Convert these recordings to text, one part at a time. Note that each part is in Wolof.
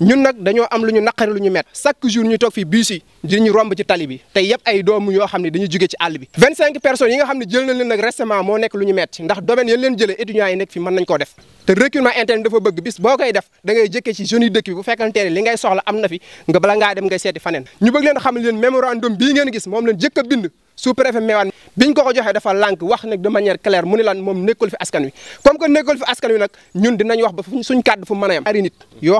ñun nag dañoo am lu ñu naqari lu ñu met chaque jour ñu toog fii bus yi di ñu romb ci tali te yëpp ay doomu yoo xam ne dañu jóge ci àll bi vingt cinq personnes yi nga xam ne jël nañ leen nag récemment moo nekk lu ñu metti ndax domaine yéen leen jëlee étudiants yi nekk fi mën nañ koo def te recrutement interne dafa bëgg bis boo koy def da ngay jëkkee ci yi dëkk bi bu fekkante ne li ngay soxla am na fi nga bala ngaa dem ngay seeti faneen ñu bëgg leen xam leen mémorandum ngeen gis moom leen jëkk a bind biñ ko ko joxee dafa lànk wax nag de manière claire mu ne lan moom nekkul fi askan wi comme que nekkul fi askan wi nag ñun dinañ wax ba suñ kàddu fu mën a yem ari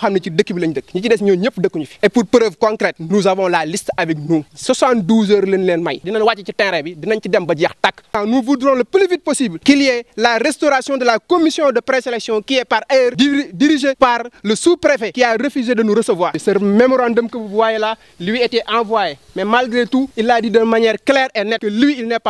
xam ne ci dëkk bi lañ dëkk ñi fi et pour preuve concrète nous avons la liste avec nous 72 heures lañ may dinañ wàcc ci terrain bi dinañ ci dem ba jeex tàkk nous voudrons le plus vite possible qu'il la restauration de la commission de présélection qui est par ailleurs dirigée par le sous-préfet qui a